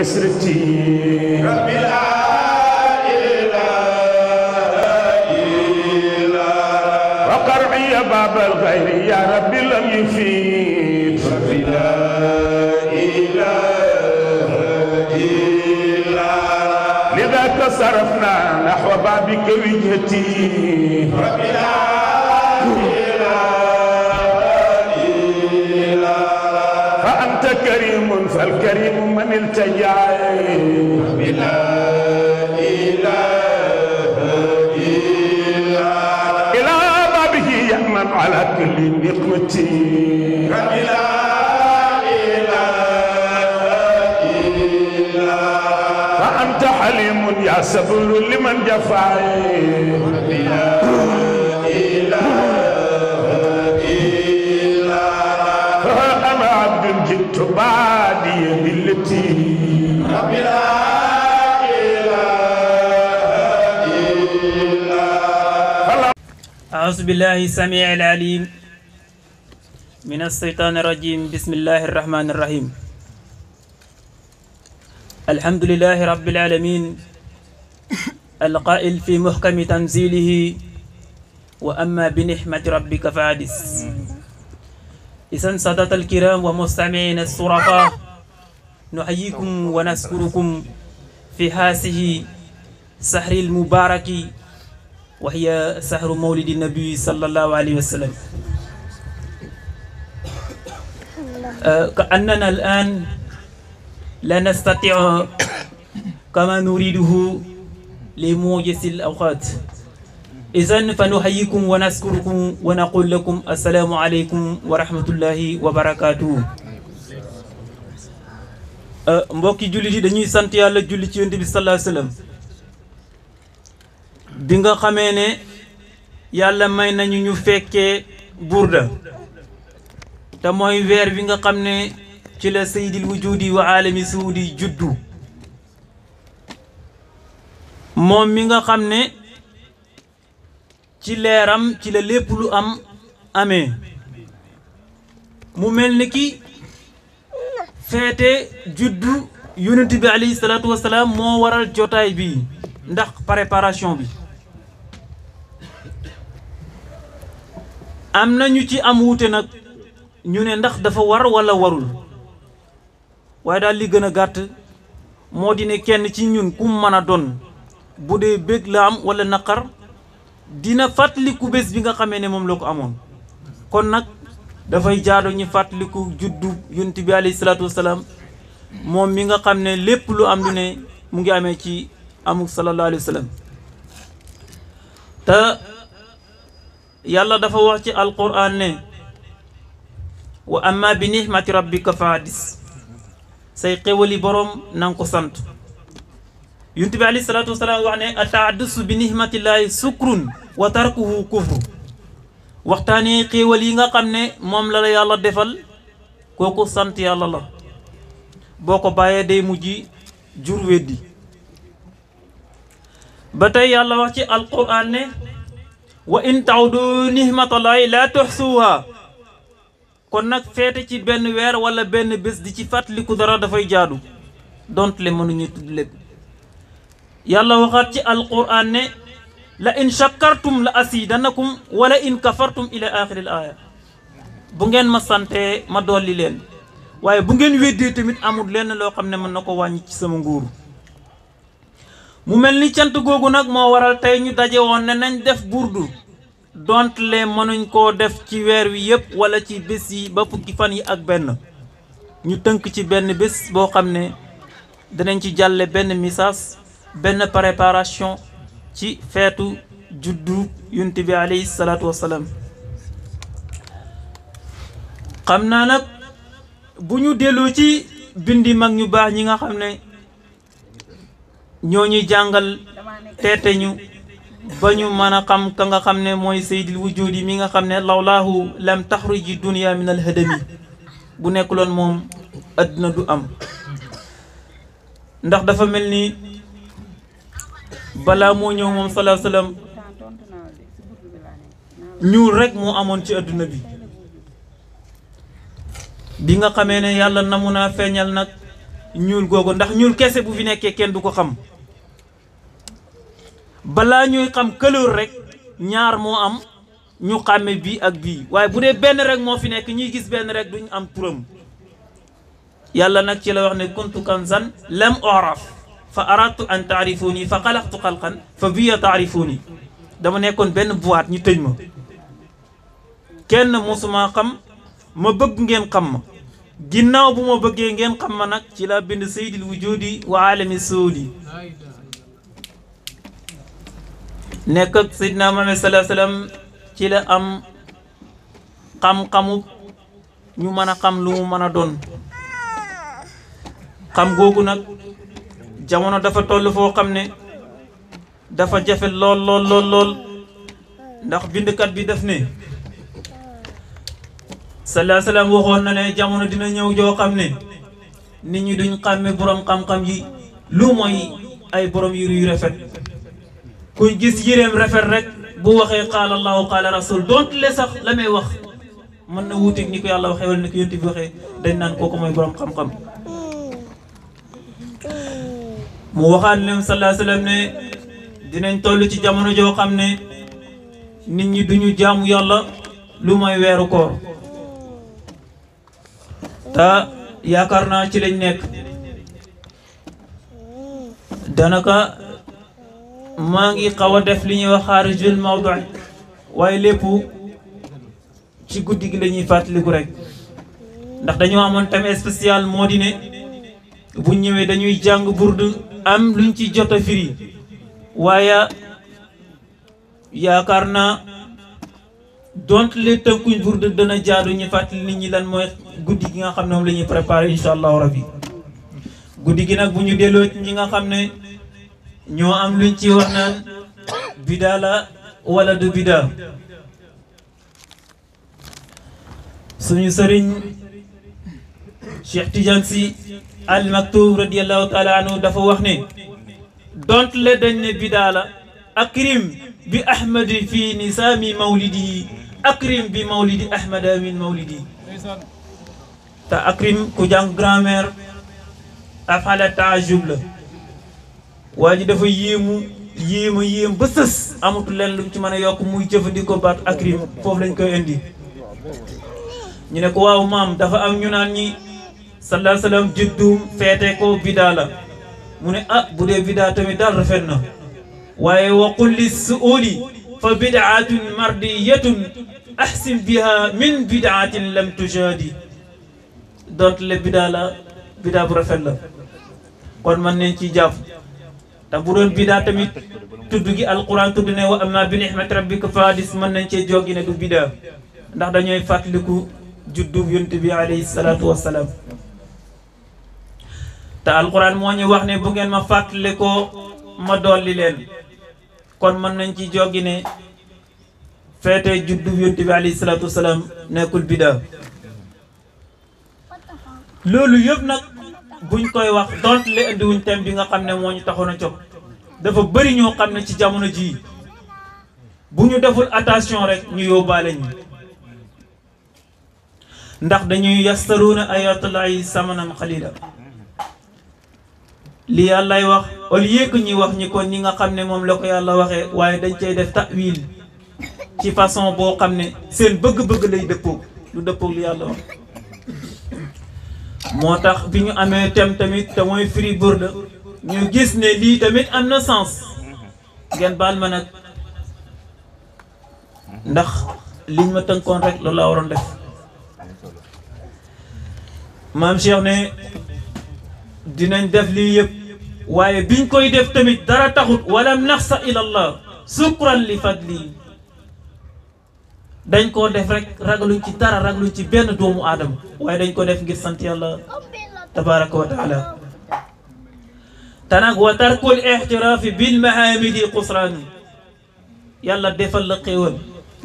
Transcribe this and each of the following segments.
إسرتي ربي يا باب الغير يا ربي لم يفيد ربي لا إله إلا لذا تصرفنا نحو بابك وجهتي ربي لا إله فالكريم من التجا بلا إله إلا إلى بابه يأمن على كل نقمتي بلا إله إلا فأنت حليم يا سبل لمن جفاي بلا إله Bye. أعوذ بالله السميع العليم من الشيطان الرجيم بسم الله الرحمن الرحيم الحمد لله رب العالمين القائل في محكم تنزيله وأما بنحمة ربك فعدس إذن سادات الكرام ومستمعين الصرفاء نحييكم ونشكركم في هذه سحر المبارك وهي سحر مولد النبي صلى الله عليه وسلم آه، كأننا الآن لا نستطيع كما نريده لموجز الأوقات إذن فنحييكم ونشكركم ونقول لكم السلام عليكم ورحمة الله وبركاته Euh, mbokki jullit yi dañuy sant yàlla jullit ci yonent bi sallallahu alayhi bi nga xamee ne yàlla may nañu ñu fekkee burda te mooy weer wi nga xam ne ci la sayyidil wujudi wa alami suudi juddu moom mi nga xam ne ci leeram ci la lépp lu am amee mu mel ni ki feete juddu yonent bi alayhi moo waral jotaay bi ndax préparation bi am na ñu ci am wuute nag ñu ne ndax dafa war walla warul waaye daal li gën a gàtt moo di ne kenn ci ñun ku mën a doon bu dee bëgg la am walla naqar dina fàttaliku bés bi nga xamee ne moom la ko amoon kon nag dafay jaadu ñu fàttaliku juddu yunt bi alayhi moom mi nga xam ne lépp lu am lu ne mu ngi amee ci amuk sallallahu alayhi wa te yàlla dafa wax ci alquran ne wa amma bi nihmati rabbika fa hadis say xéwali boroom nanga ko sant yunt bi alayhi salaatu wasalaam wax ne atahaddusu bi nihmatillahi sukrun wa tarkuhu kufru waxtaanee xéewal yi nga xam ne moom la la yàlla defal kooku sant yàlla la boo ko bàyyee day mujj jur weddi ba tey yàlla wax ci alquran ne wa in tawdu nihmatallahi laa tuxsuha kon nag feete ci benn weer wala benn bés di ci fàttaliku dara dafay jaadu donte le mënuñu tudd lépp yàlla waxaat ci alquran ne la in shakartum la asidanakum wala in kafartum ila axiril aaya bu ngeen ma santee ma dolli leen waaye bu ngeen weddee tamit amul lenn loo xam ne mën na ko wàññi ci sama nguuru mu mel ni cant googu nag moo waral tey ñu daje woon ne nañ def burdu dontle mënuñ koo def ci weer wi yëpp wala ci bés yi ba fukki fan yi ak benn ñu tënk ci benn bés boo xam ne dinañ ci jàlle benn message benn préparation ci feetu juddu yunt bi alayhi wasalaam xam naa nag bu ñu delloo ci bindi mag ñu baax ñi nga xam ne ñoo ñuy jàngal teete ñu ba ñu mën a xam ka nga xam ne mooy seydil yi mi nga xam ne lawlaahu lam taxruji dunia min alhadami bu nekk loon moom adduna du am ndax dafa mel ni balaa moo ñëw moom salaa salaam ñuul rek moo amoon ci adduna bi bi nga xamee ne yàlla namu naa feeñal nag ñuul googu ndax ñuul kese bu fi nekkee kenn du ko xam balaa ñuy xam couleur rek ñaar moo am ñu xàmme bii ak bii waaye bu dee benn rek moo fi nekk ñuy gis benn rek duñ am turam yàlla nag ci la wax ne kuntu kanzan lam oraf فأردت أن تعرفوني فقلقت قلقا فبيا تعرفوني دابا نيكون بن بوات ني تيجما كين موسما خم ما بغ نين خم غيناو بوما بغي نين خم نك سي لا بند سيد الوجود وعالم السودي نك سيدنا محمد صلى الله عليه وسلم سي لا ام خم خم ني مانا خم لو مانا دون خم غوغو نك jamono dafa toll foo xam ne dafa jafe lool lool lool lool ndax bindkat bi def ne salaa salaam waxoon na ne jamono dina ñëw joo xam ne nit ñi duñ xàmme borom xam-xam yi lu mooy ay borom yëre yu rafet kuñ gis yëreem rafet rek bu waxee qaala allahu qaala rasul donte le sax la may wax mën na wuuteeg ni ko yàlla waxee wala ni ko yonent bi waxee dañ naan kooku mooy borom xam-xam. mu waxaat leen sallallahu ne dinañ toll ci jamono joo xam ne nit ñi duñu jaamu yàlla lu mooy weeru ko te yaakaar naa ci lañ nekk danaka maa ngi xaw a def li ñuy wax xaarijul mawdu waaye lépp ci guddi gi la ñuy fàttaliku rek ndax dañoo amoon thème spécial moo di ne bu ñëwee dañuy jàng burdu am luñ ci jot a firi waaye yaakaar na donte le tënkuñ pour de dana jaadu ñu fàttali nit ñi lan mooy guddi gi nga xam ne moom lañuy ñuy préparé incha allahu rabbi guddi gi nag bu ñu delloo ñi nga xam ne ñoo am luñ ci wax naan bidaa la wala du bidaa suñu sëriñ Cheikh Tidiane al maktuub radiyallahu taala anhu dafa wax ne dont le dañ ne akrim bi ahmadi fi nisaami mawlidi akrim bi mawlidi ahmada min mawlidi te akrim ku jàng grammaire afala taajub la waa ji dafa yéemu yéema yéem ba sës amatul leen lu ci mën a muy jëfandikoo baat akrim foofu lañ koy indi ñu ne ko waaw maam dafa am ñu naan ñi sallallahu alayhi wa sallam juddum feete ko bidaa la mu ne ah bu dee bidaa tamit daal rafet na waaye wa qul li suuli fa bidaatun mardiyatun ahsin biha min bidaatin lam tujaadi donc le bidaa la bidaa bu rafet la kon mën nañ ci jàpp te bu doon bidaa tamit tudd gi alquran tudd ne wa amma bi nihmati rabbika fahadis mën nañ cee joggi ne du bidaa ndax dañooy fàttaliku juddum yonent bi alayhi salaatu wassalaam te alquran moo ñuy wax ne bu ngeen ma fàttali ko ma dolli leen kon mën nañ ci joggi ne feete juddu yonent bi alayhi salaatu wasalaam nekkul bida loolu yëpp nag buñ koy wax doot le indiwuñ thème bi nga xam ne moo ñu taxoon a jóg dafa bari ñoo xam ne ci jamono jii bu ñu deful attention rek ñu yóbbaale ñu ndax dañuy yastaruuna ayatullahi samanan xalila li yàllay wax au lieu que ñuy wax ñi kon ñi nga xam ne moom la ko yàlla waxee waaye dañ cay def ta'wil ci façon boo xam ne seen bëgg-bëgg lay dëppoog lu dëppoog li yàlla wax moo tax bi ñu amee thème tamit te mooy Firi ñu gis ne lii tamit am na sens ngeen baal ma nag ndax liñ ma tënkoon rek loolu la waroon def maam Cheikh ne dinañ def li yëpp waaye biñ koy def tamit dara taxut walam naxsa ilallah sukran li fadli dañ koo def rek ragaluñ ci dara ragaluñ ci benn doomu aadama waaye dañ ko def ngir sant yàlla tabaraka wa taala tanag wa tarkul ixtiraafi bil mahamidi qusran yàlla defal la xéwal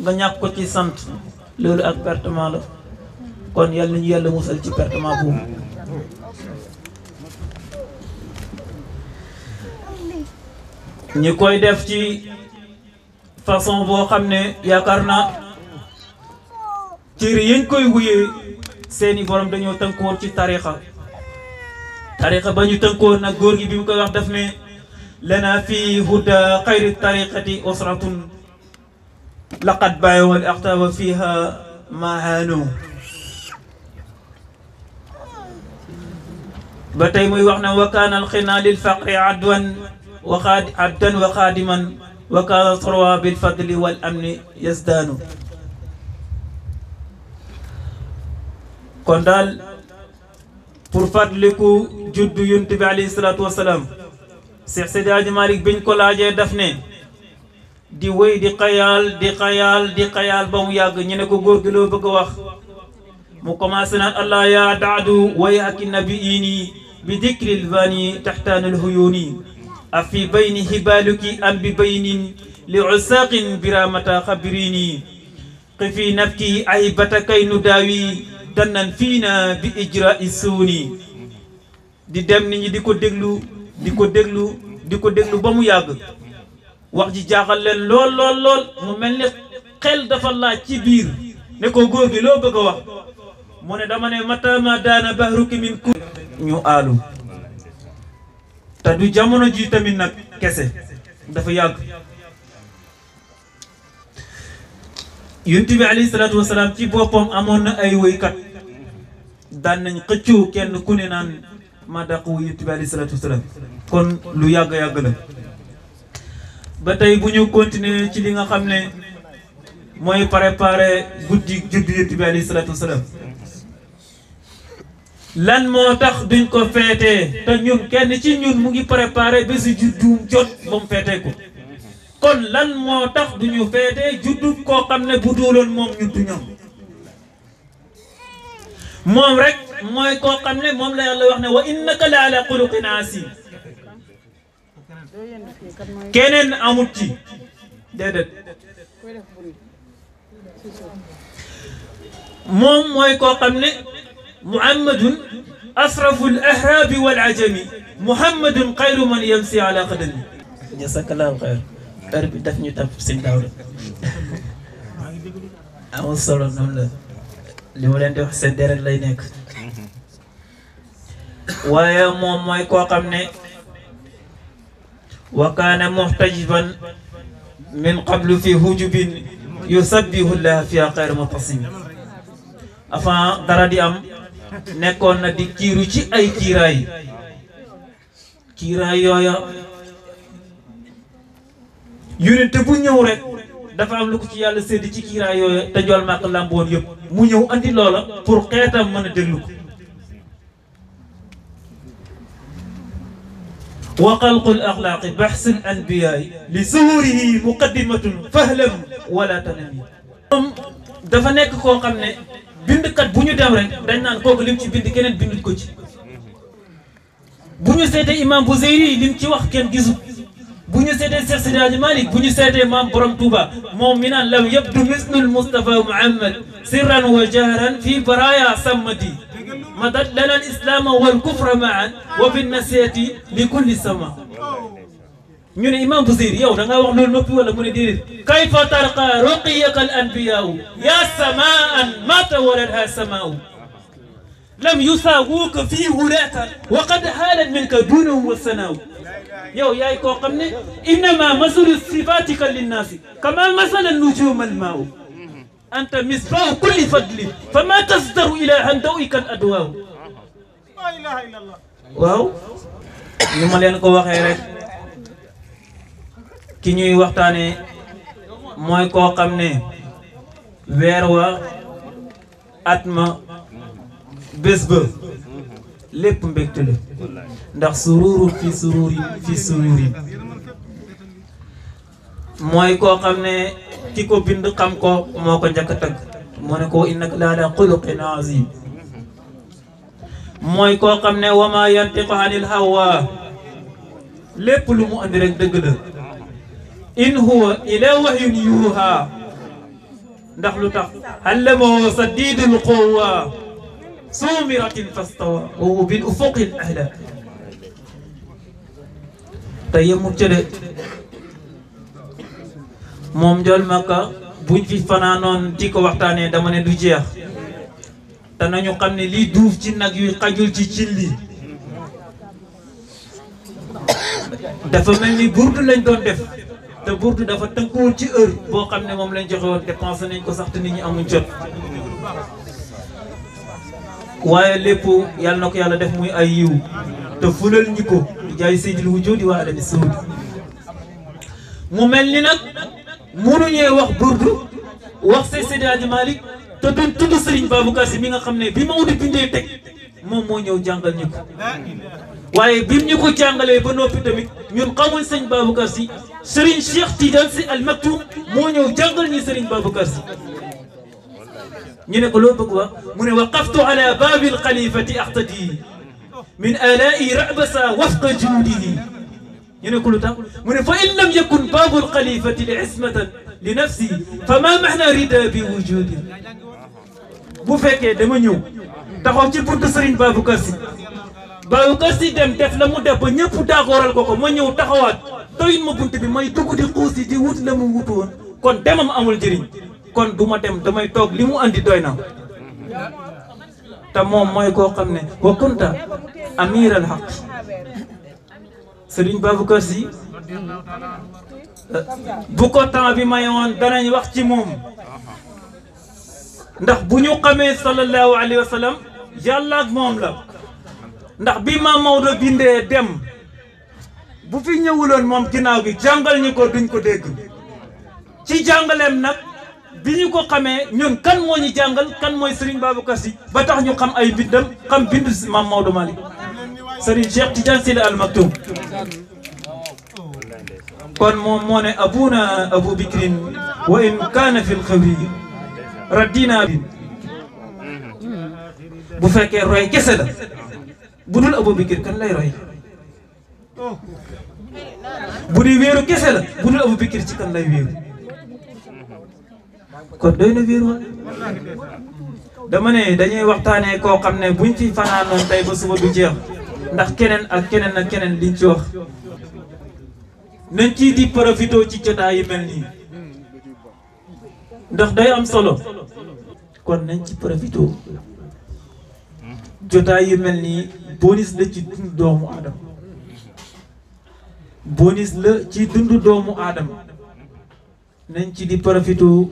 nga ñàkk ko ci sant loolu ak pertement la kon yàlla ñu yàlla musal ci pertement boobu ñi koy def ci façon boo xam ne yaakaar na cër yañ koy wuyee seeni borom dañoo tënkoon ci tarixa tarixa ba ñu tënkoon nag góor gi bi mu koy wax def ne lana fi huda xayri tariqati usratun laqad baayo wal axtaba fiha mahano ba tey muy wax na wa kaana alxina lil faqri adwan وقاد عبدا وخادما وكان الثروة بالفضل والأمن يزدان kon daal pour fàttaliku juddu Yonent bi alayhi salaatu wasalaam Seex Seydi Aji Maalik biñ ko laajee daf ne di wéy di xayaal di xayaal di xayaal ba mu yàgg ñu ne ko góor gi loo bëgg a wax mu commencé naan allah yaa daadu way ak nabiini bi dikril vani taxtaanul huyuuni afi bayni hibaluki am bi baynin li usaaqin biramata xabirini xifi nafki ahibata kay nu daawi dannan fiina bi ijra'i suuni di dem nit ñi di ko déglu di ko déglu di ko déglu ba mu yàgg wax ji jaaxal leen lool lool lool mu mel ni xel dafa laaj ci biir ne ko góor gi loo bëgg a wax mu ne dama ne matama daana bahruki min ku ñu aalu te du jamono ji tamit nag kese dafa yàgg yunt bi alayhi salaatu wasalaam ci boppam amoon na ay woykat daan nañ xëccoo kenn ku ne naan ma dàq wu yunt salaatu wasalaam kon lu yàgg-yàgg la ba tey bu ñu continuer ci li nga xam ne mooy préparer guddi juddu yunt bi salaatu wasalaam lan moo tax duñ ko feetee te ñun kenn ci ñun mu ngi préparé bési judduum jot moom feetee ko kon lan moo tax duñu feetee juddu koo xam ne bu duuloon moom ñun du moom rek mooy koo xam ne moom la yàlla wax ne wa innaka la ala xuluqin asim keneen amut ci déedéet moom mooy koo xam ne محمد أصرف الأهراب والعجم محمد قيل من يمسي على قدم جزاك الله خير أرب دفني تاب سين داور أو صار نملا لولن ده سدير لينك ويا مم ما يكو وكان محتجبا من قبل في هجوب يسبه الله في أقير متصيم أفا دردي أم nekkoon na di kiiru ci ay kiiraay kiiraay yooya yonent bu ñëw rek dafa am lu ko ci yàlla sédd ci kiiraay yooya te jool màkk làmboon yëpp mu ñëw andi loola pour xeetam mën a déglu ko wa xalqul axlaaqi baxsul anbiyaay li zuhurihi muqaddimatun fahlam wala tanami moom dafa nekk koo xam ne bindkat bu ñu dem rek dañ naan kooku lim ci bind keneen bindut ko ci bu ñu imam bu Zeyri lim ci wax kenn gisul bu ñu seetee Cheikh Sidi Hadji Malick bu ñu seetee maam borom Touba moom mi lam yabdu mislul Mustafa Muhammad sirran wa jahran fi baraya samadi madad lana al islama wal kufra maan wa bi nasiyati sama ñu ne imam Busir yow da ngaa wax loolu noppi wala mu ne déedéet kayfa tarqa ruqiyaka al anbiyau ya samaan mata waladha samaau لم يساووك في ولاك وقد هالت منك دونه والثناء يو يا كو قمني انما مثل صفاتك للناس كما مثل النجوم الماء انت مصباح كل فضل فما تصدر الى هندوئك الادواء لا اله الا الله واو نما لين كو واخي ki ñuy waxtaane mooy koo xam ne weer wa at ma bés ba lépp mbégte la ndax sururu fi sururi fi mooy koo xam ne ki ko bind xam ko moo ko njëkk a tagg moo ne ko innaka laalaa xuluqin azim mooy koo xam ne wama yantiqu anil hawa lépp lu mu andi dëgg la إن هو إلى وحي يوها ندخل تخ هل ما صديد القوة سومرة فاستوى وهو بالأفق الأعلى طيب تيم مجد مومجال مكا بوين في فنانون تيك وقتاني دامان دوجيه تنانيو قمني لي دوف جنك يوي قجل جيلي دفا ملي بردو لن دون دفا te burdu dafa tënkuwul ci heure boo xam ne moom lañ joxe woon dépensé nañ ko sax te nit ñi amuñ jot waaye lépp yàlla na ko yàlla def muy ay yiw te fulal ñi ko jaay seydil wujudi wa adami suudi mu mel ni nag mënuñee wax burdu wax say Seydi Hadji Malick te duñ tudd Serigne Babacar Sy mi nga xam ne bi Maodo bindee teg moom moo ñëw jàngal ñi ko waaye bi ñu ko jàngalee ba noppi tamit ñun xamuñ sëñ Babacar Sy Serigne Cheikh Tidiane Sy Al Maktoum moo ñëw jàngal ñu Serigne Babacar Sy ñu ne ko loo bëgg wax mu ne waqaftu ala babil xalifati axtadi min alaai rabasa wafqa juudihi ñu ne ko lu tax mu ne fa in lam yakun babul xalifati li ismatan li nafsi fa ma maxna rida bi wujudi bu fekkee dama ñëw taxaw ci buntu Serigne Babacar Sy ba nga si dem def la mu def ba ñëpp daagooral ko ko ma ñëw taxawaat tëyit ma bunt bi may dugg di xuus yi di wut la mu wutu woon kon demam amul njëriñ kon bu ma dem damay toog li mu indi doy na te moom mooy koo xam ne wa kunta amiral xaq Sëriñ Babacar Si bu ko temps bi mayoon danañ wax ci moom ndax bu ñu xamee sallallahu alayhi wa sallam yàlla ak moom la ndax bi ma Maodo bindee dem bu fi ñëwuloon moom ginnaaw gi jàngal ñu ko duñ ko dégg ci jàngaleem nag bi ñu ko xamee ñun kan moo ñu jàngal kan mooy Serigne Babacar Sy ba tax ñu xam ay bindam xam bindu maam Maodo Malick Serigne Cheikh Tidiane Sy Al Maktoum kon moom moo ne abuna abu bikrin wa in kaana fi lxawri raddina bu fekkee roy kese la bu dul Abubakar kan lay roy bu dee wéeru kese la bu dul Abubakar ci kan lay wéeru kon doy na wéeru wa dama ne dañuy waxtaanee koo xam ne buñ ci fanaanoon tey ba suba du jeex ndax keneen ak keneen ak keneen li ci wax nañ ciy di profité ci jotaay yu mel nii ndax day am solo kon nañ ci profité jotaay yu mel nii bonus la ci dund doomu aadama bonus la ci dund doomu aadama nañ ci di profito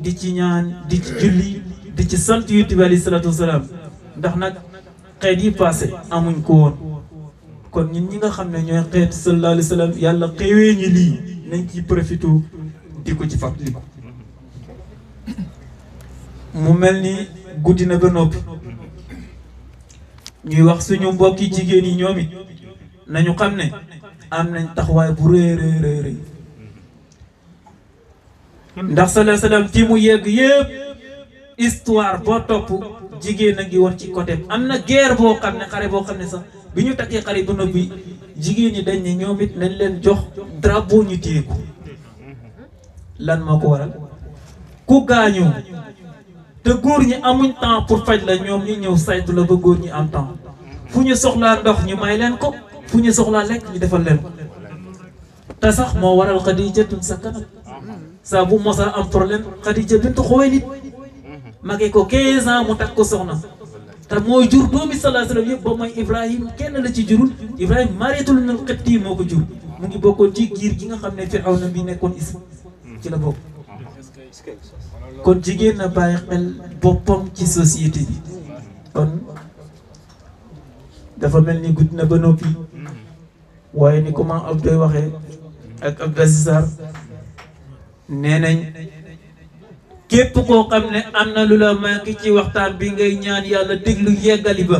di ci ñaan di ci julli di ci sant yonent bi alayhi ndax nag xeet yi passé amuñ ko woon kon ñun ñi nga xam ne ñooy xeet sallallahu alayhi yàlla xéewee ñu lii nañ ci profito di ko ci fàttaliku mu mel ni guddi na ba noppi ñuy wax suñu mbokki jigéen yi ñoom it nañu xam ne am nañ taxawaay bu rëy rëy rëy ndax sallallahu alayhi wa mu yegg yëpp histoire boo topp jigéen a ngi war ci côté am na guerre boo xam ne xare boo xam ne sax bi ñu takkee xare ba bi jigéen ñi dañ ne ñoom it nañ leen jox drapeau ñu téye ko lan moo ko waral ku gaañu la góor ñi amuñ temps pour faj la ñoom ñu ñëw saytu la ba góor ñi am temps fu ñu soxlaa ndox ñu may leen ko fu ñu soxlaa lekk ñu defal leen ko te sax moo waral xadijatun sa kanam saa bu mosaa am problème xadija bintu xuwaylid magee ko 15 ans mu takk ko soxna te mooy jur doomi salaa salaam yëpp ba mooy ibrahim kenn la ci jurul ibrahim mariatul nal xibti moo ko jur mu ngi bokkoon ci giir gi nga xam ne firawna bi nekkoon isma ci la bokk kon jigéen na bàyyi xel boppam ci société bi kon dafa mel ni gudd na ba noppi waaye ni comment Abdoy waxee ak Abdou Aziz Sarr képp koo xam ne am na lu la manqué ci waxtaan bi ngay ñaan yàlla déglu yeggali ba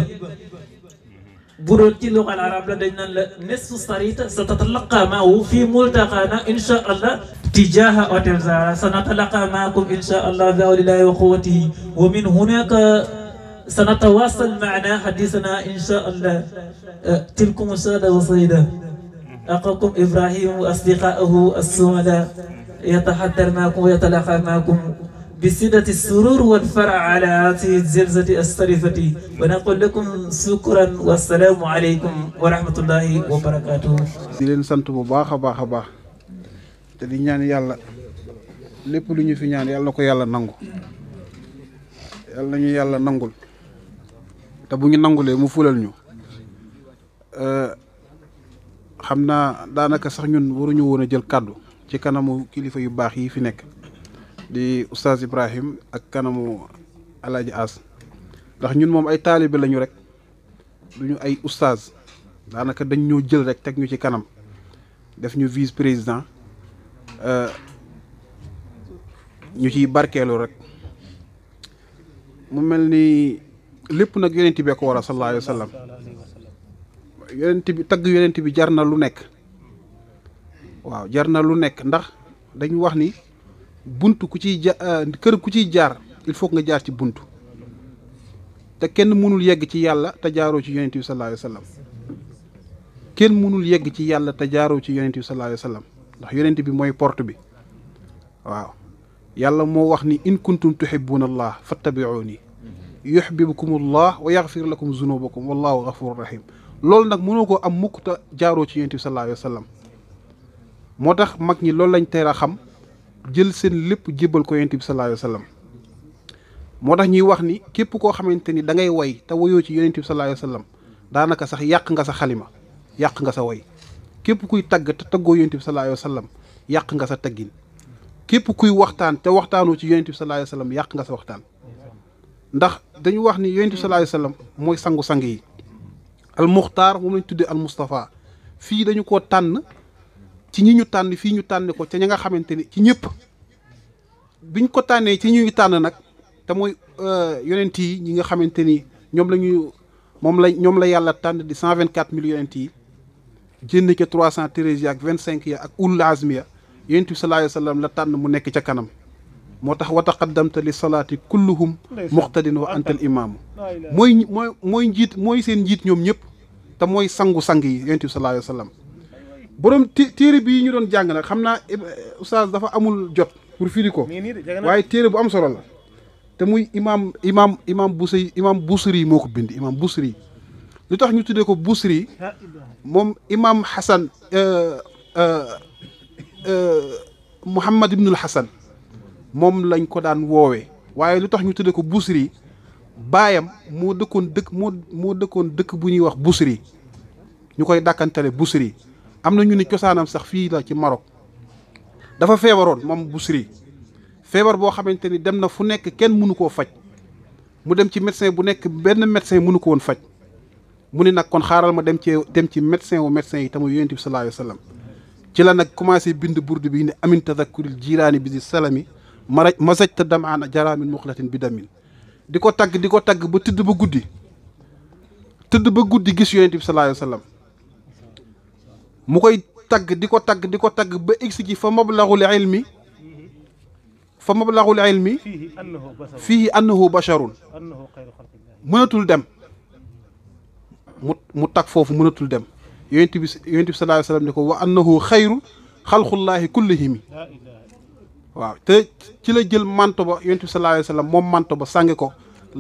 bu doon ci luxal arab la dañ naan la nisfu sarita sa tatalaqaa maahu fii insha allah تجاه أتمزار سنتلقى معكم إن شاء الله بحول الله وقوته ومن هناك سنتواصل معنا حديثنا إن شاء الله تلكم السادة وصيدة أخاكم إبراهيم وأصدقائه السملاء يتحدث معكم ويتلقى معكم بسدة السرور والفرع على هذه الزلزة الصريفة ونقول لكم شكرا والسلام عليكم ورحمة الله وبركاته. di leen sant bu baax a baax a baax. te di ñaan yàlla lépp lu ñu fi ñaan yàlla na ko yàlla nangu yàlla yàlla nangul te bu ñu nangulee mu fulal ñu eh, xam naa daanaka sax ñun waruñu woon a jël kàddu ci kanamu kilifa yu baax yi fi nekk di oustaz Ibrahim ak kanamu alaaji As ndax ñun moom ay taalibe lañu rek duñu ay oustaz daanaka dañ ñoo jël rek teg ñu ci kanam def ñu vice président Euh, ñu ciy barkeelu rek mu mel ni lépp nag yonent bi ko war a sallallahu alayhi yonent bi tagg yonent bi jar na lu nekk waaw jar na lu nekk ndax dañu wax ni bunt ku ciy ja euh, kër ku ciy jaar il faut nga jaar ci bunt te kenn mënul yegg ci yàlla te jaaroo ci yonent bi sallallahu alayhi kenn mënul yegg ci yàlla te jaaroo ci yonent bi sallallahu alayhi ndax yonent bi mooy porte bi waaw yàlla moo wax ni in kuntum tuhibbuna allah fattabi'uni yuhibbukum allah wa yaghfir lakum zunubakum wallahu ghafurur rahim loolu nag mënoo ko am mukk te jaaroo ci yonent bi sallallahu alayhi wa sallam moo tax mag ñi loolu lañ teel xam jël seen lépp jébbal ko yonent bi sallallahu alayhi wa sallam moo tax ñuy wax ni képp koo xamante ni da ngay way te woyoo ci yonent bi sallallahu alayhi wa sallam daanaka sax yàq nga sa xalima yàq nga sa way képp kuy tagg te taggoo yonent bi sallallahu alayhi yàq nga sa taggin képp kuy waxtaan te waxtaanoo ci yonent bi sallallahu alayhi yàq nga sa waxtaan ndax dañu wax ni yonent bi sallallahu alayhi wa sallam mooy sangu-sang yi almuxtaar moom lañ tuddee almustapha fii dañu ko tànn ci ñi ñu tànn fii ñu tànn ko ca ña nga xamante ni ci ñëpp biñ ko tànnee ci ñu tànn nag te mooy euh, yonent yi ñi nga xamante ni ñoom la ñu moom la ñoom la yàlla tànn di cent vingt-quatre mille yonent جند كي 300 تريزيا 25 يا اك اول لازميا ينتو صلى الله عليه وسلم لا تان مو نيك تا كانم موتاخ وتقدمت للصلاه كلهم مقتدين وانت الامام موي موي نجيت موي سين نجيت نيوم نييب تا موي سانغو سانغي ينتو صلى الله عليه وسلم بروم تيري بي ني دون جانغ نا خمنا استاذ دا فا امول جوت بور فيليكو واي تيري بو ام سولو لا تا موي امام امام امام بوسري امام بوسري موكو بيند امام بوسري lu tax ñu tuddee ko Busri moom imam Xasan Muhammad ibnul Xasan moom lañ ko daan woowee waaye lu tax ñu tuddee ko Busri baayam moo dëkkoon dëkk moo moo dëkkoon dëkk bu ñuy wax Busri ñu koy dàkkantale Busri am na ñu ne cosaanam sax fii la ci Maroc dafa feebaroon moom Busri feebar boo xamante ni dem na fu nekk kenn mënu koo faj mu dem ci médecin bu nekk benn médecin mënu ko woon faj muni nak kon xaaral ma dem ci dem ci médecin wu médecin yi tamu yonent bi sallallahu alayhi wasallam ci la nak commencé bind burdu bi ni amin tadakkuril jiiraani bi di salami maraj masajta damaan jaraamin muxlatin bi damin diko tag diko tag ba tudd ba guddi tudd ba guddi gis yonent bi sallallahu alayhi wasallam sallam mu koy tag diko tag tagg di ba egsi ci fa mablaghu ilmi fa mablaghu ilmi fihi annahu basharun munatul dem mu tak fofu meunatul dem yonent bi yonent sallallahu alayhi wasallam ne ko wa annahu xayru xalqullaahi kullihim wa te ci la jël manto ba yonent sallallahu alayhi wasallam mom manto ba sànge ko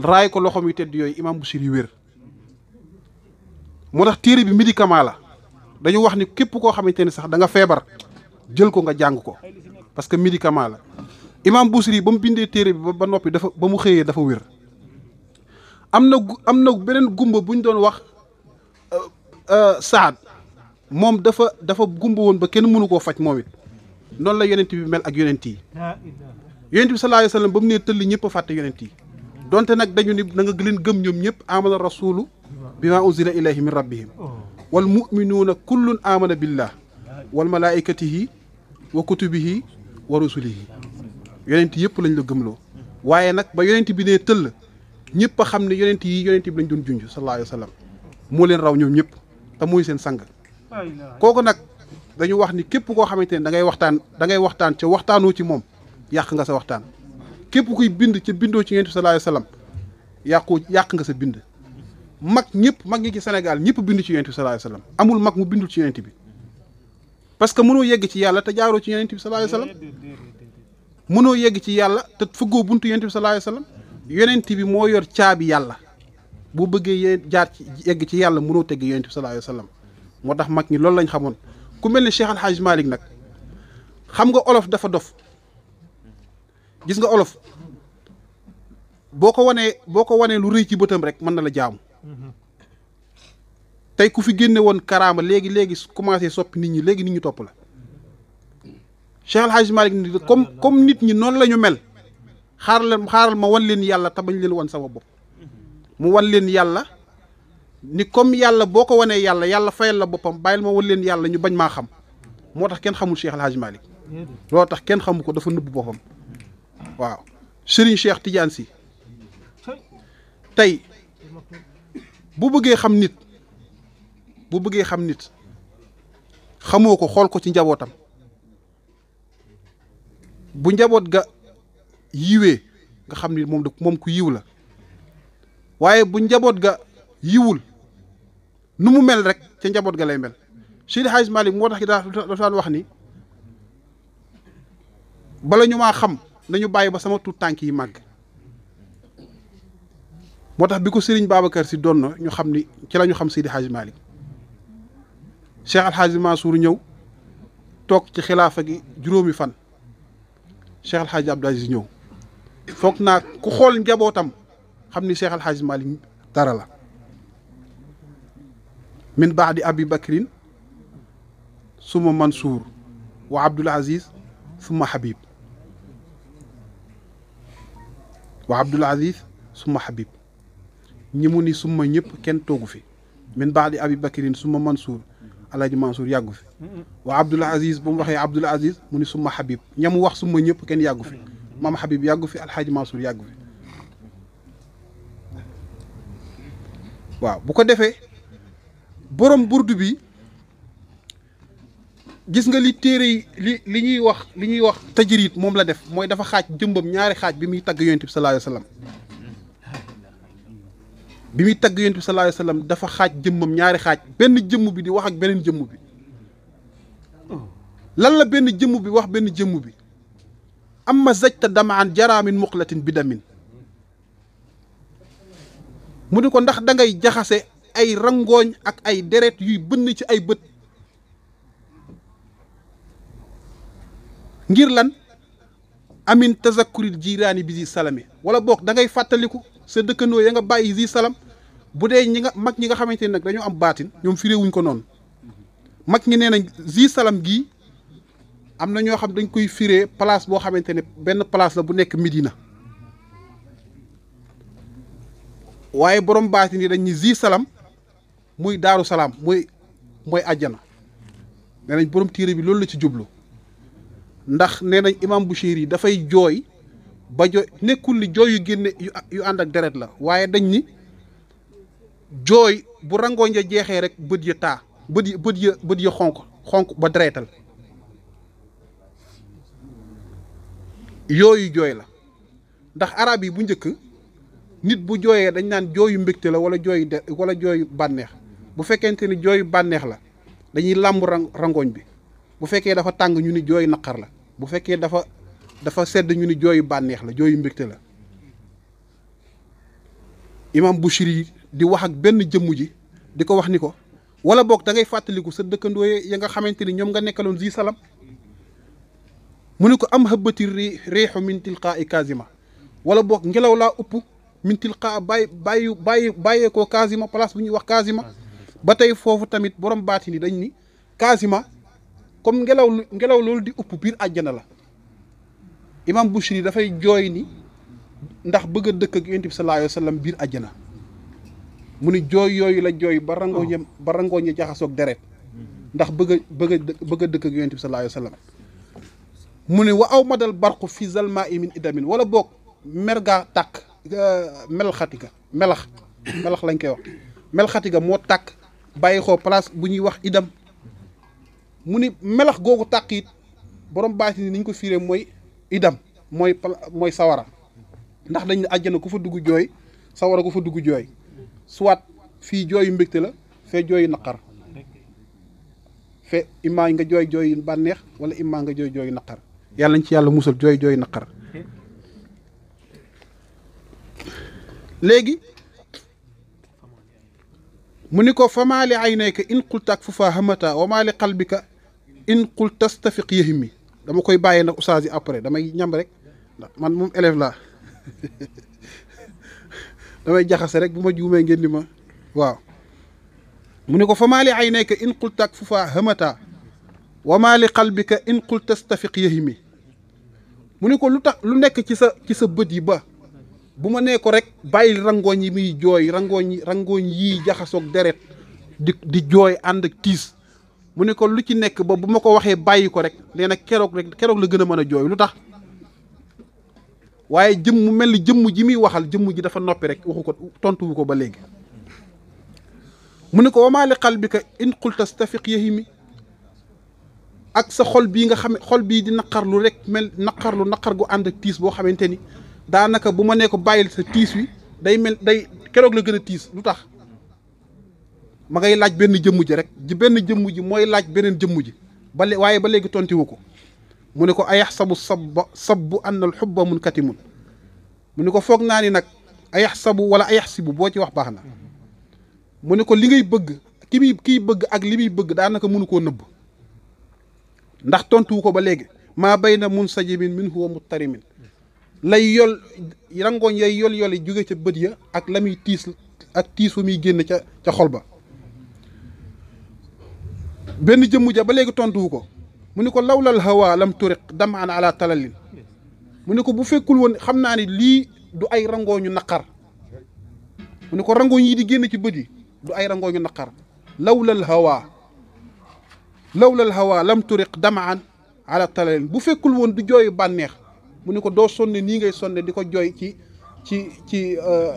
ray ko loxom yu tedd yoy imam Busiri wér motax tax bi médicament la dañu wax ni kep ko xamanteni sax da nga febar jël ko nga jàng ko parce que médicament la imam Busiri bam bindé bindee bi ba nopi dafa ba xeyé dafa wér amna amna benen gumba buñ doon wax Euh, euh, Saad moom dafa dafa gumba woon ba kenn mënu koo faj moom it noonu la yonent bi mel ak yonent yi yonent bi sallallahu alayhi wasallam ba mu nee tëll ñëpp fàtte yonent yi donte nag dañu ni na nga leen gëm ñoom ñëpp amana rasulu bima unzila ilayhi min rabbihim oh. wal muminuuna kullun amana billah wal malaikatihi wa kutubihi wa rusulihi yonent yëpp lañ la gëmloo waaye nag ba yonent bi nee tëll ñëpp a xam ne yonent yi yonent bi lañ doon junj sallallahu alayhi moo leen raw ñoom ñëpp te mooy seen sang kooku nag dañu wax ni képp koo xamante ne da ngay waxtaan da ngay waxtaan ca waxtaanoo ci moom yàq nga sa waxtaan képp kuy bind ca bindoo ci Yonent bi sallallahu alayhi wasallam yàqoo yàq nga sa bind mag ñëpp mag ñi ci Sénégal ñëpp bind ci Yonent bi sa alayhi amul mag mu bindul ci Yonent bi parce que mënoo yegg ci yàlla te jaaroo ci Yonent bi sallallahu alayhi wasallam yegg ci yàlla te fëggoo buntu Yonent bi sallallahu alayhi wasallam bi moo yor caabi yàlla boo bëggee yee jaar ci yegg ci yàlla mënoo tegg yonent bi sallallahu alayhi moo tax mag ñi loolu lañ xamoon ku mel ni Cheikh Al Hadj Malick nag xam nga olof dafa dof gis nga olof boo ko wanee boo ko wanee lu rëy ci bëtam rek mën na la jaamu tey ku fi génne woon karaama léegi léegi commencé soppi nit ñi léegi nit ñu topp la Cheikh Al Hadj Malick ni comme comme nit ñi noonu la ñu mel xaaral xaaral ma wan leen yàlla te bañ leen wan sama bopp. mu wan leen yàlla ni comme yàlla boo ko wanee yàlla yàlla fayal la boppam bàyyil ma wan leen yàlla ñu bañ maa xam moo tax kenn xamul Cheikh alhaji malik Malick loo tax kenn xamu ko dafa nëbb boppam waaw Serigne Cheikh Tidiane si tey bu bëggee xam nit bu bëggee xam nit xamoo ko xool ko ci njabootam bu njaboot ga yiwee nga xam ni moom moom ku yiw la waaye bu njaboot ga yiwul nu mu mel rek ca njaboot ga lay mel Seydi Hadj Malick moo tax dafa daan wax ni bala ñu ma xam nañu bàyyi ba sama tuut tànk yi màgg moo tax bi ko Serigne Babacar si doon na ñu xam ni ci lañu xam Seydi Hadj Malick Cheikh Al Hadj Mansour ñëw toog ci xilaafa gi juróomi fan Cheikh Al Abdou Aziz ñëw foog naa ku xool njabootam. xam ni Cheikh Al Hadj Malick dara la min baadi abi bakrin suma Mansour wa Abdul Aziz suma Habib wa Abdul Aziz suma Habib ñi mu ni suma ñëpp kenn toogu fi min baadi abi bakrin suma Mansour Alaaji Mansour yàggu fi waa Abdul Aziz ba mu waxee Abdul Aziz mu ni suma Habib ñamu wax suma ñëpp kenn yàggu fi maam Habib yàggu fi Alxaaji Mansour yàggu fi waaw bu ko defee borom burdu bi gis nga li téré li li ñuy wax li ñuy wax tajrid mom la def moy dafa xaj jëmbam ñaari xaj bi mi tag yoonte bi sallallahu alayhi wasallam bi mi tag yoonte bi sallallahu alayhi wasallam dafa xaj jëmbam ñaari xaj benn jëmm bi di wax ak benen jëmm bi lan la benn jëmm bi wax benn jëmm bi amma zajta damaan jaraamin muqlatin bidamin mu ni ko ndax dangay jaxase ay rangooñ ak ay deret yuy bënn ci ay bët ngir lan amin tazakuril jiraani bi zi salame wala boog da ngay fàttaliku sa dëkkandoo ya nga bàyyi zi salam bu dee ñi nga mag ñi nga xamante ne nag dañoo am baatin ñoom firéewuñ ko noonu mag ñi nee nañ zi salam gii am na ñoo xam dañ koy firee place boo xamante ne benn place la bu nekk Medina. waaye borom baatin yi dañ ni zi salaam muy daaru salaam muy mooy àjjana nee nañ borom téere bi loolu la ci jublu ndax nee nañ imam Bushiri yi dafay jooy ba jooy nekkul ni jooy yu génne yu ànd ak deret la waaye dañ ni jooy bu rangooñ a jeexee rek bët ya taa bët ya bët ya xonk xonk ba deretal yooyu jooy la ndax arab yi bu njëkk nit bu jooyee dañ naan jooyu mbégte la wala jooyu de wala jooyu bànneex bu fekkente ni jooyu bànneex la dañuy làmb rangooñ bi bu fekkee dafa tàng ñu ni jooyu naqar la bu fekkee dafa dafa sedd ñu ni jooyu bànneex la jooyu mbégte la imam Bouchiri di wax ak benn jëmm ji di ko wax ni ko wala boog da ngay fàttaliku sa dëkkandoo ya nga xamante ni ñoom nga nekkaloon zi salam mu ni ko am xëbbati réexu min tilqaa i kazima wala boog ngelaw laa upp mintil xaa bàyyi bàyyi bàyyi bàyyeekoo Kasima place bu ñuy wax Kasima ba tey foofu tamit borom baati ni dañ ni Kasima comme ngelaw ngelaw loolu di upp biir àjjana la imam Bouchri dafay jooy ni ndax bëgg a dëkk ak yonent bi sallallahu alayhi wa sallam biir àjjana mu ni jooy yooyu la jooy ba rangooñe ba rangooñe jaxasoog deret ndax bëgg a bëgg a bëgg a dëkk ak yonent bi sallallahu alayhi wa sallam mu ne wa aw madal barqu fi zalma i min idamin wala boog mer gaa tàkk melxatiga melax melax lañ koy wax melxatiga moo tàkk bàyyi xoo place bu ñuy wax idam mu ni melax googu tàkk it borom baati ni ñu ko fiiree mooy idam mooy mooy sawara ndax dañ ne ku fa dugg jooy sawara ku fa dugg jooy soit fii jooyu mbégte la fee jooyu naqar fe imaa nga jooy jooyu bànneex wala imaa nga jooy jooyu naqar yàlla nañ ci yàlla musal jooy jooy naqar léegi mu ni ko famaali in qulta ak fufa hamata wa maali qalbika in qul tastafiq yahimi dama koy bàyyi nag oustaz yi après damay ñam rek ndax man moom élève laa damay jaxase rek bu ma ngeen ni waaw mu ni ko famaali in qul tak fufa hamata wa maali qalbika in qul tastafiq yahimi mu ni ko lu tax ci sa ci sa bët yi ba bu ma nee ko rek bàyyil rangooñ yi muy jooy rangooñ rangooñ yii jaxasoog deret di di jooy ànd ak tiis mu ne ko lu ci nekk ba bu ma ko waxee bàyyi ko rek nee na keroog rek keroog la gën a mën a jooy lu tax waaye jëmm mu mel ni jëmm ji muy waxal jëmm ji dafa noppi rek waxu ko tontuwu ko ba léegi mu ne ko wamaa li qalbika in qulta stafiq yahimi ak sa xol bii nga xam xol bii di naqarlu rek mel naqarlu naqar gu ànd ak tiis boo xamante ni danaka buma ne ko bayil sa tiis wi day mel day kérok la gëna a lutax ma ngay laaj benn jëm ji rek ji benn jëm ji moy laaj benen jëm ji ba lé waaye ba légui tonti wuko mu ne ko ayaxsabu sabba sabbu an al xubba munkatimun mu ne ko foog naa ni nag ayaxsabu wala ayaxsibu bo ci wax baxna na mu ne ko li ngay bëgg ki muy ki bëgg ak li muy bëgg daanaka mënu koo nëbb ndax tontu wuko ba légui maa bay na mun sajibin muttarimin lay yol rangooñ yay yol yoli jóge ca bët ya ak la muy tiis ak tiis wu muy génn ca ca xol ba benn jëmm ja ba léegi tontuwu ko mu ne ko lawlal hawa lam turiq dam an ala talalin mu ni ko bu fekkul woon xam naa ni lii du ay rangooñu naqar mu ni ko rangooñ yi di génn ci bët yi du ay rangooñu naqar lawlal hawa lawlal hawa lam turiq dam an ala talalin bu fekkul woon du jooyu bànneex mu ne ko doo sonne nii ngay sonne di ko jooy ci ci ci euh,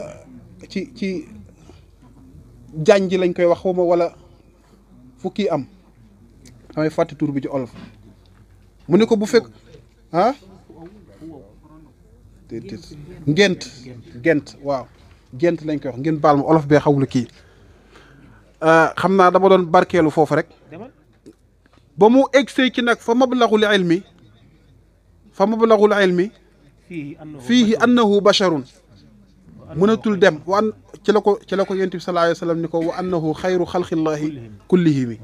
ci ci jaan ji lañ koy wax xawma wala fukki am damay fàtte tur bi ci olof mu ne ko bu fekk ah ngent gent waaw gent lañ koy wax ngeen baal ma olof bee xawlu kii euh, xam naa dama doon barkeelu foofu rek ba mu egg ci nag fa mablaxul mi فمبلغ العلم فيه أنه بشر منتل دم وأن تلقوا تلقوا ينتبه صلى الله عليه وسلم نكو وأنه خير خلق الله كلهم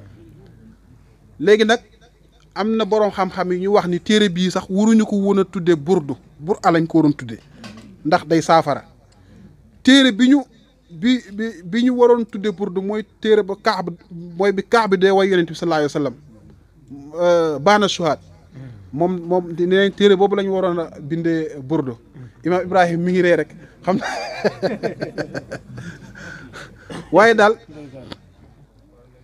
لكن أمن برام خم خم يوح نتير بيس أخور نكو تودي دم بردو بر ألين كورن تدي ندخ داي سافرة تيري بينو bi bi biñu waron tuddé pour du moy téré ba kaab moy bi kaab de way yaronte bi sallallahu alayhi wasallam euh bana shuhat moom moom nee nañ téere boobu lañu waroon a bindee Bordeaux Imaam Ibrahima mi ngi ree rek xam waaye daal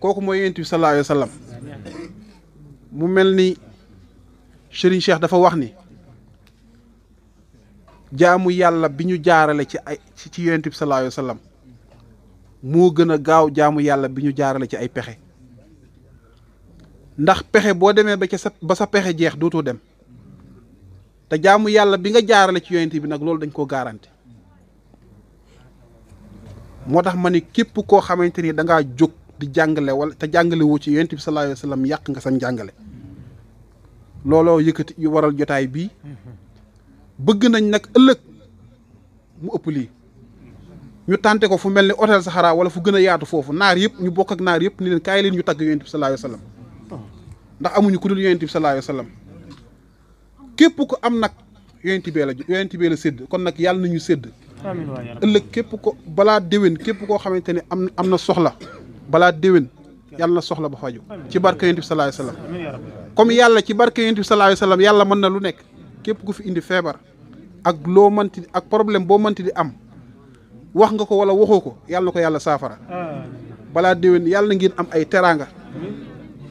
kooku mooy yonent bi sallallahu mu mel ni Serigne Cheikh dafa wax ni jaamu yàlla bi ñu jaarale ci ay ci yonent bi sallallahu moo gën a gaaw jaamu yàlla bi ñu jaarale ci ay pexe. ndax pexe boo demee ba ca sa ba sa pexe jeex dootoo dem te jaamu yàlla bi nga jaarale ci yonent bi nag loolu dañ koo garanti moo tax ma ne képp koo xamante ni dangaa jóg di jàngale wala te jàngalewu ci yonent bi sallallahu alayhi wa yàq nga sam jàngale looloo yëkkati yu waral jotaay bii bëgg nañ nag ëllëg mu ëpp lii ñu tànte ko fu mel ni hôtel Sahara wala fu gën a yaatu foofu naar yëpp ñu bokk ak naar yëpp ni leen kaay leen ñu tagg yonent bi sallallahu alayhi ndax amuñu ku dul yonent bi sallallahu képp ku am nag yonent bee la yonent bee kon nag yàlla nañu sedd ëllëg képp ko balaa déwén képp koo xamante ne am am na soxla balaa déwén yàlla na soxla ba faju ci barke yonent bi sallallahu alayhi wa comme yàlla ci barke yonent bi sallallahu alayhi yàlla mën na lu nekk képp ku fi indi feebar ak loo manti ak problème boo manti di am wax nga ko wala waxoo ko yàlla ko yàlla saafara balaa déwén yàlla ngeen am ay teraanga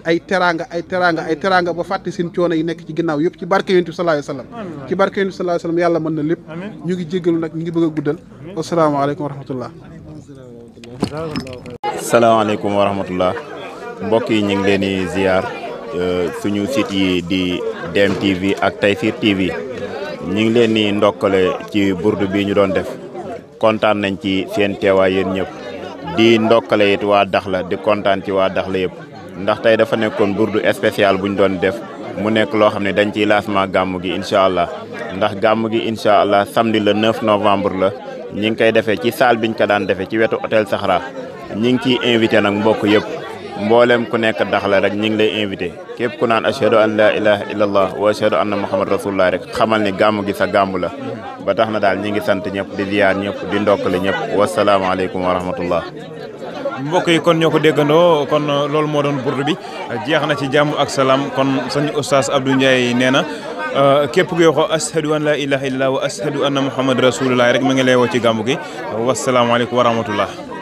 ay teraanga ay teraanga ay teraanga ba fàtte seen coono yi nekk ci ginnaaw yëpp ci barke yonent bi sallallahu alayhi wasallam ci barke yonent bi yàlla mën na lépp ñu ngi jéggalu nag ñu ngi bëgg a guddal asalaamaaleykum wa wa rahmatullah mbokk yi ñu ngi leen di ziar euh, suñu site yi di DMTV ak Tayfir TV ñu ngi leen di ndokkale ci burdu bi ñu doon def kontaan nañ ci seen teewaay yéen ñëpp di ndokkale it waa Daxla di kontaan ci waa Daxla yëpp ndax tey dafa nekkoon burdu spécial bu ñu doon def mu nekk loo xam ne dañ ciy lancement gàmm gi incha allah ndax gàmm gi incha allah samedi le 9 novembre la ñi ngi koy defee ci salle biñ ko daan defee ci wetu hôtel Sahara ñi ngi ciy invité nag mbokk yëpp mboolem ku nekk Dakhla rek ñi ngi lay invité képp ku naan ashhadu an la ilaha illallah wa ashhadu anna muhammad rasulullah rek xamal ni gàmm gi sa gàmm la ba tax na daal ñi ngi sant ñëpp di ziyaar ñëpp di ndokkale ñëpp wasalaamaaleykum wa rahmatullah mbokk yi kon ñoo ko déggandoo kon loolu moo doon burdu bi jeex na ci jàmm ak salaam kon sëñ oustaz Abdou Ndiaye nee na euh, képp kuy wax ashadu an la ilaha illallah wa ashadu na muhammad rasulullah rek ma ngi lay woo ci gàmmu gi wasalaamaaleykum wa